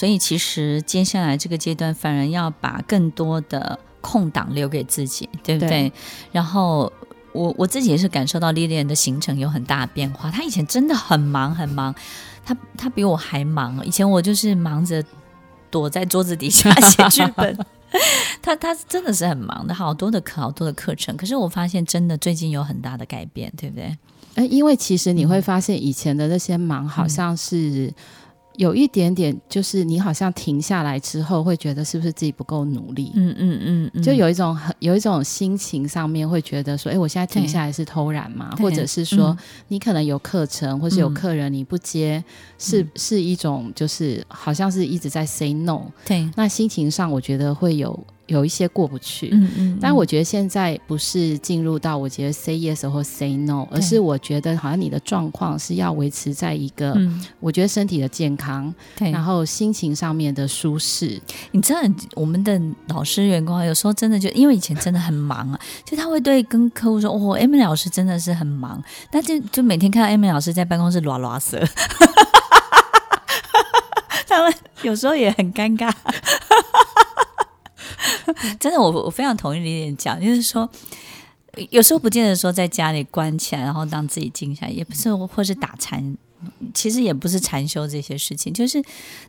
所以其實接下來這個階段，反而要把更多的空檔留給自己，對不對？對，然後我我自己也是感受到莉莉安的行程有很大的變化。她以前真的很忙很忙，她她比我還忙。以前我就是忙着躲在桌子底下寫劇本， 她她真的是很忙的，好多的課，好多的課程。可是我發現，真的最近有很大的改變，對不對？哎，因為其實你會發現，以前的那些忙，好像是。有一點點，就是你好像停下來之後，會覺得是不是自己不夠努力，嗯？嗯嗯嗯，就有一種很有一種心情上面會覺得說，哎、欸，我現在停下來是偷懶嘛？或者是說、嗯，你可能有課程，或是有客人，你不接，是、嗯、是，是一種就是好像是一直在 say no。對，那心情上我覺得會有。有一些過不去，嗯嗯，但我覺得現在不是進入到我覺得 say yes 或 say no，而是我覺得好像你的狀況是要維持在一個我覺得身體的健康，對，然後心情上面的舒適。你知道我們的老師員工啊有時候真的就因為以前真的很忙啊，就他會對跟客戶說：“哦，M 老師真的是很忙。那就”但是就每天看到 M 老師在辦公室拉拉色 他們有時候也很尷尬。 真的，我我非常同意你一點講，就是說，有時候不見得說在家裡關起來，然後讓自己靜下來，也不是或是打禪，其實也不是禪修這些事情，就是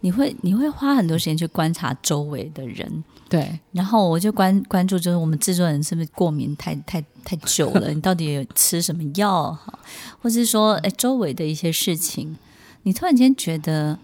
你會你會花很多時間去觀察周圍的人，對。然後我就關關注，就是我們製作人是不是過敏太太太久了？你到底有吃什麼藥？哈， 或是說，哎、欸，周圍的一些事情，你突然間覺得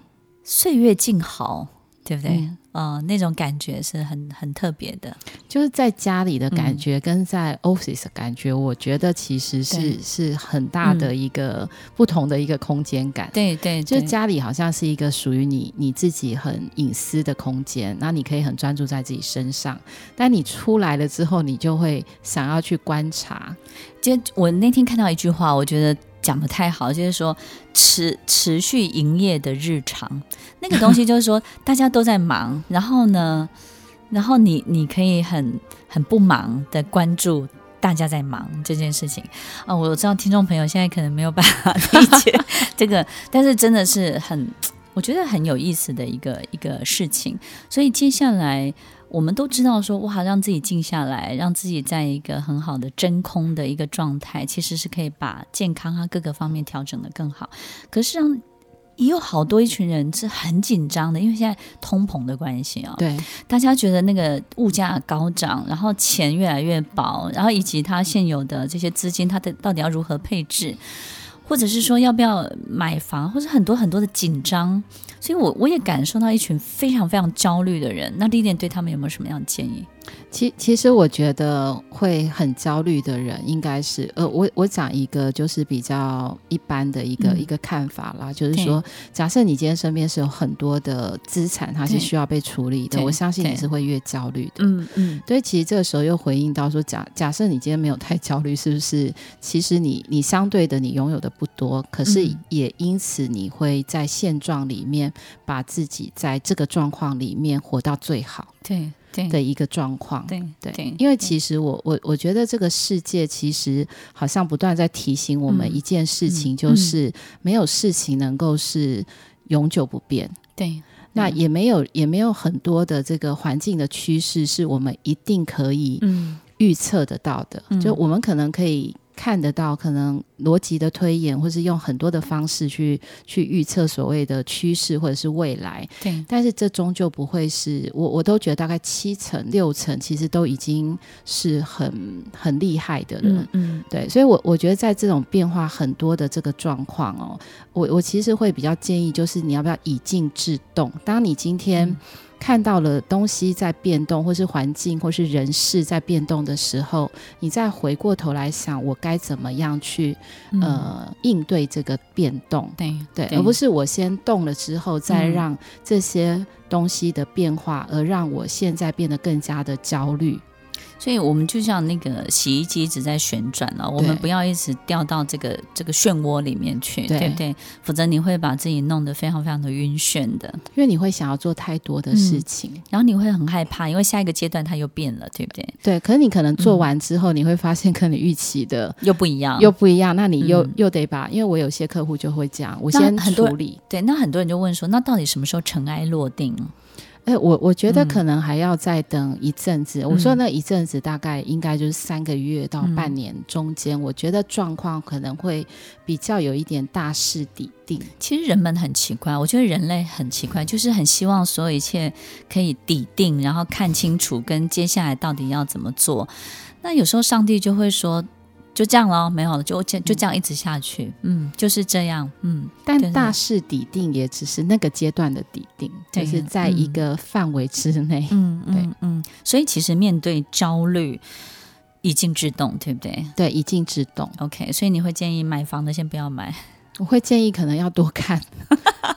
歲月靜好。對不對？嗯、呃，那種感覺是很很特別的，就是在家裡的感覺跟在 office 的感覺，嗯、我覺得其實是是很大的一個、嗯、不同的一個空間感。對對，對，就家裡好像是一個屬於你你自己很隱私的空間，然後你可以很專注在自己身上，但你出來了之後，你就會想要去觀察。就我那天看到一句話，我覺得。講得太好，就是說持持續營業的日常，那個東西就是說大家都在忙，然後呢，然後你你可以很很不忙的關注大家在忙這件事情啊、哦，我知道聽眾朋友現在可能沒有辦法理解 這個，但是真的是很我覺得很有意思的一個一個事情，所以接下來。我們都知道說，說哇，讓自己靜下來，讓自己在一個很好的真空的一個狀態，其實是可以把健康啊，各個方面調整得更好。可是，也有好多一群人是很緊張的，因為現在通膨的關係啊、哦，對，大家覺得那個物價高漲，然後錢越來越薄，然後以及他現有的這些資金，他的到底要如何配置？或者是說要不要買房，或者很多很多的緊張，所以我我也感受到一群非常非常焦慮的人。那李店對他們有沒有什麼樣的建議？其其實，我覺得會很焦慮的人，應該是呃，我我講一個就是比較一般的一個、嗯、一個看法啦，就是說，假設你今天身邊是有很多的資產，它是需要被處理的，我相信你是會越焦慮的。嗯嗯。所以其實這個時候又回應到說，假假設你今天沒有太焦慮，是不是？其實你你相對的，你擁有的不多，可是也因此你會在現狀裡面把自己在這個狀況裡面活到最好。對。對的一個狀況，對對，對，因為其實我我我覺得這個世界其實好像不斷在提醒我們一件事情，就是沒有事情能夠是永久不變。對，對那也沒有也沒有很多的這個環境的趨勢是我們一定可以預測得到的，嗯，就我們可能可以看得到可能邏輯的推演，或是用很多的方式去去預測所謂的趨勢或者是未來，對。但是這終究不會是我，我都覺得大概七成六成其實都已經是很很厲害的了。嗯，嗯，對。所以我，我我覺得在這種變化很多的這個狀況哦，我我其實會比較建議，就是你要不要以靜制動？當你今天。嗯看到了東西在變動，或是環境，或是人事在變動的時候，你再回過頭來想，我該怎麼樣去、嗯、呃應對這個變動？對，對，對，而不是我先動了之後，再讓這些東西的變化，嗯、而讓我現在變得更加的焦慮。所以，我們就像那個洗衣機一直在旋轉了，我們不要一直掉到這個這個漩渦裡面去對，對不對？否則你會把自己弄得非常非常的暈眩的，因為你會想要做太多的事情，嗯，然後你會很害怕，因為下一個階段它又變了，對不對？對。可是你可能做完之後，嗯、你會發現跟你預期的又不一樣，又不一樣。那你又、嗯、又得把，因為我有些客戶就會講，我先獨立。對。那很多人就問說，那到底什麼時候塵埃落定？哎、欸，我我覺得可能還要再等一陣子。嗯、我說那一陣子大概應該就是三個月到半年中間，嗯、我覺得狀況可能會比較有一點大勢底定。其實人們很奇怪，我覺得人類很奇怪，就是很希望所有一切可以底定，然後看清楚跟接下來到底要怎麼做。那有時候上帝就會說。就這樣了，沒有了，就就就這樣一直下去。嗯，就是這樣。嗯，就是、但大勢底定也只是那個階段的底定，就是在一個範圍之內。嗯，對，嗯嗯，嗯，所以其實面對焦慮，以靜制動，對不對？對，以靜制動。OK，所以你會建議買房的先不要買？我會建議可能要多看。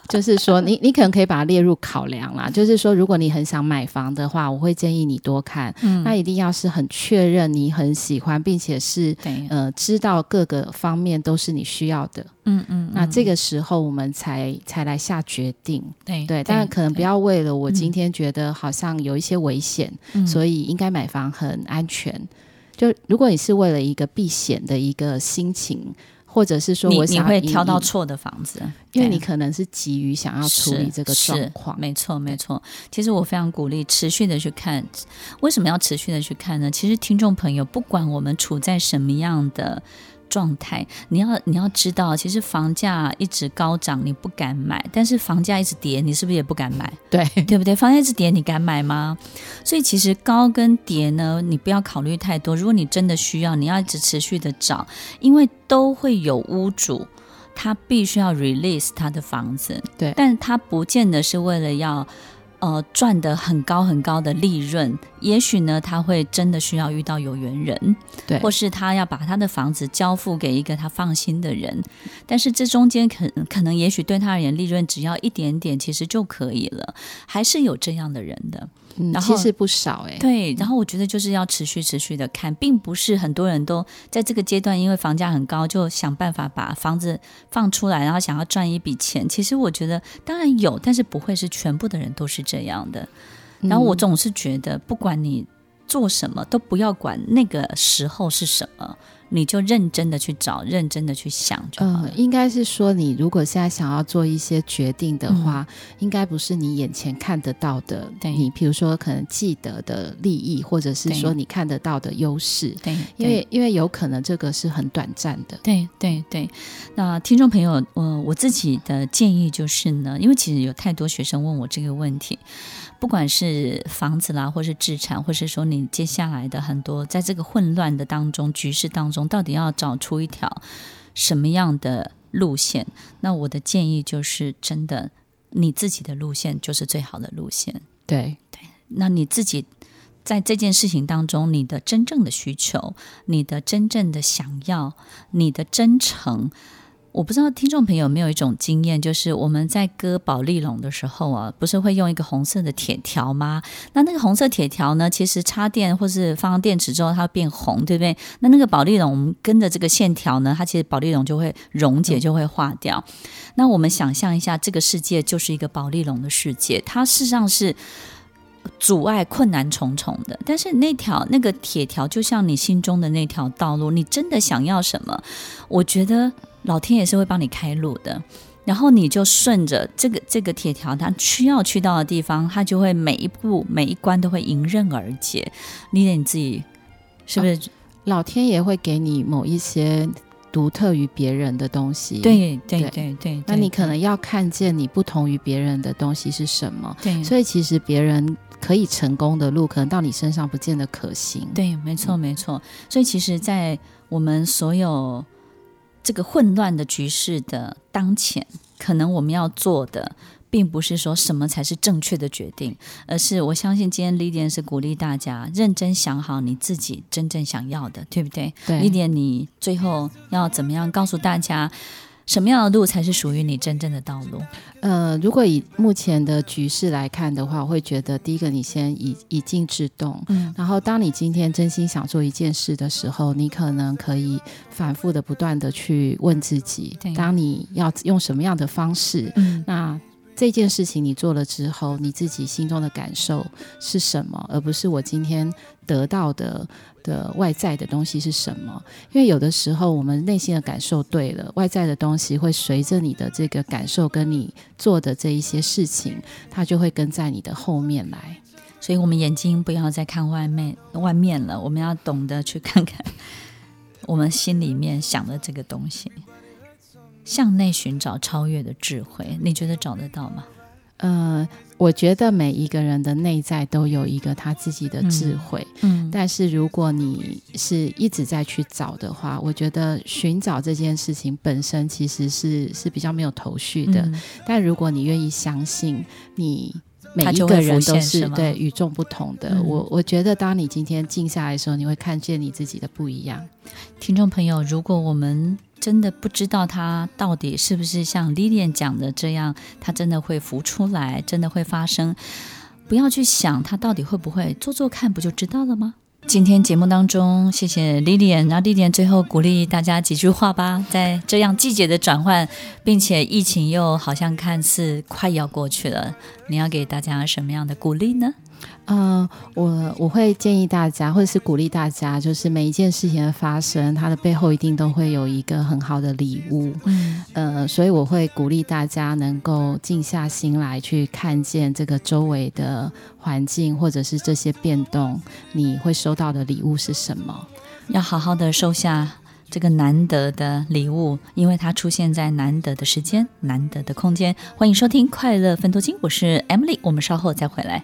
就是說，你你可能可以把它列入考量啦。就是說，如果你很想買房的話，我會建議你多看。嗯、那一定要是很確認你很喜歡，並且是呃知道各個方面都是你需要的。嗯嗯，嗯，那這個時候我們才才來下決定。對對，對，但可能不要為了我今天覺得好像有一些危險，嗯、所以應該買房很安全。嗯、就如果你是為了一個避險的一個心情。或者是說，你你會挑到錯的房子，因為你可能是急於想要處理這個狀況。沒錯，沒錯。其實我非常鼓勵持續的去看，為什麼要持續的去看呢？其實聽眾朋友，不管我們處在什麼樣的狀態，你要你要知道，其實房價一直高漲，你不敢買；但是房價一直跌，你是不是也不敢買？對對不對？房價一直跌，你敢買嗎？所以其實高跟跌呢，你不要考慮太多。如果你真的需要，你要一直持續的找，因為都會有屋主，他必須要 release 他的房子，對，但他不見得是為了要。呃，賺得很高很高的利潤，也許呢，他會真的需要遇到有緣人，對，或是他要把他的房子交付給一個他放心的人，但是這中間可可能也許對他而言，利潤只要一點點，其實就可以了，還是有這樣的人的。嗯、然後其實不少哎、欸，對，然後我覺得就是要持續持續地看，並不是很多人都在這個階段，因為房價很高，就想辦法把房子放出來，然後想要賺一筆錢。其實我覺得當然有，但是不會是全部的人都是這樣的。然後我總是覺得，不管你做什麼，都不要管那個時候是什麼。你就認真的去找，認真的去想就好了。嗯，應該是說，你如果現在想要做一些決定的話，嗯，應該不是你眼前看得到的。對你比如說，可能記得的利益，或者是說你看得到的優勢。對，因為因為有可能這個是很短暫的。對對對。那聽眾朋友，嗯，呃，我自己的建議就是呢，因為其實有太多學生問我這個問題。不管是房子啦，或是資產，或是說你接下來的很多，在這個混亂的當中，局勢當中，到底要找出一條什麼樣的路線？那我的建議就是，真的，你自己的路線就是最好的路線。對對，那你自己在這件事情當中，你的真正的需求，你的真正的想要，你的真誠。我不知道聽眾朋友有沒有一種經驗，就是我們在割保麗龍的時候啊，不是會用一個紅色的鐵條嗎？那那個紅色鐵條呢，其實插電或是放電池之後，它會變紅，對不對？那那個保麗龍，我們跟着這個線條呢，它其實保麗龍就會溶解，就會化掉。嗯。那我們想象一下，這個世界就是一個保麗龍的世界，它事實上是阻礙困難重重的。但是那條那個鐵條，就像你心中的那條道路，你真的想要什麼？我覺得。老天爺是會幫你開路的，然後你就順着這個這個鐵條，它需要去到的地方，它就會每一步每一關都會迎刃而解。你得你自己是不是、哦？老天爺會給你某一些獨特於別人的東西。對對對對。那你可能要看見你不同於別人的東西是什麼。對，所以其實別人可以成功的路，可能到你身上不見得可行。對，沒錯沒錯、嗯。所以其實，在我們所有。這個混亂的局勢的當前，可能我們要做的，並不是說什麼才是正確的決定，而是我相信今天李點是鼓勵大家認真想好你自己真正想要的，對不對？對，李點，Lidian, 你最後要怎麼樣告訴大家？什麼樣的路才是屬於你真正的道路？呃，如果以目前的局勢來看的話，我會覺得，第一個，你先以以靜制動，嗯，然後當你今天真心想做一件事的時候，你可能可以反覆的、不斷的去問自己，當你要用什麼樣的方式，嗯、那。這件事情你做了之後，你自己心中的感受是什麼？而不是我今天得到的的外在的東西是什麼？因為有的時候我們內心的感受對了，外在的東西會隨着你的這個感受跟你做的這一些事情，它就會跟在你的後面來。所以我們眼睛不要再看外面外面了，我們要懂得去看看我們心裡面想的這個東西。向內尋找超越的智慧，你覺得找得到嗎？呃，我覺得每一個人的內在都有一個他自己的智慧，嗯，但是如果你是一直在去找的話，我覺得尋找這件事情本身其實是是比較沒有頭緒的。嗯，但如果你願意相信，你每一個人都是，是對與眾不同的。嗯，我我覺得，當你今天靜下來的時候，你會看見你自己的不一樣。聽眾朋友，如果我們真的不知道他，到底是不是像 Lilian 講的這樣，他真的會浮出來，真的會發生。不要去想他到底會不會，做做看，不就知道了嗎？今天節目當中，謝謝 Lilian，然後 Lilian 最後鼓勵大家幾句話吧。在這樣季節的轉換，並且疫情又好像看似快要過去了，你要給大家什麼樣的鼓勵呢？嗯、呃，我我會建議大家，或者是鼓勵大家，就是每一件事情的發生，它的背後一定都會有一個很好的禮物。嗯，呃，所以我會鼓勵大家能夠靜下心來去看見這個周圍的環境，或者是這些變動，你會收到的禮物是什麼？要好好的收下這個難得的禮物，因為它出現在難得的時間、難得的空間。歡迎收聽《快樂分頭金》，我是 Emily，我們稍後再回來。